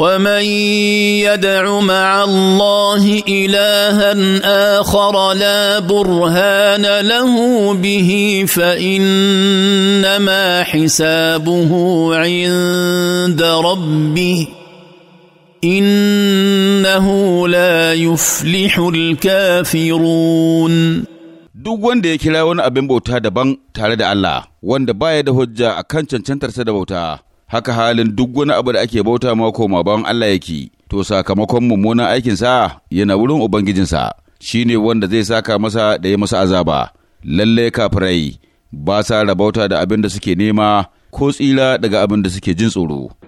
ومن يدع مع الله الها اخر لا برهان له به فانما حسابه عند ربه انه لا يفلح الكافرون duk wanda ya kira wani abin bauta daban tare da Allah wanda baya da hujja a kan cancantarsa da bauta haka halin duk wani abu da ake bauta ma koma bayan Allah yake to sakamakon mummunan aikinsa yana wurin ubangijinsa shine wanda zai saka masa da ya masa azaba lalle kafirai ba sa rabauta da abin da suke nema ko tsira daga abin da suke jin tsoro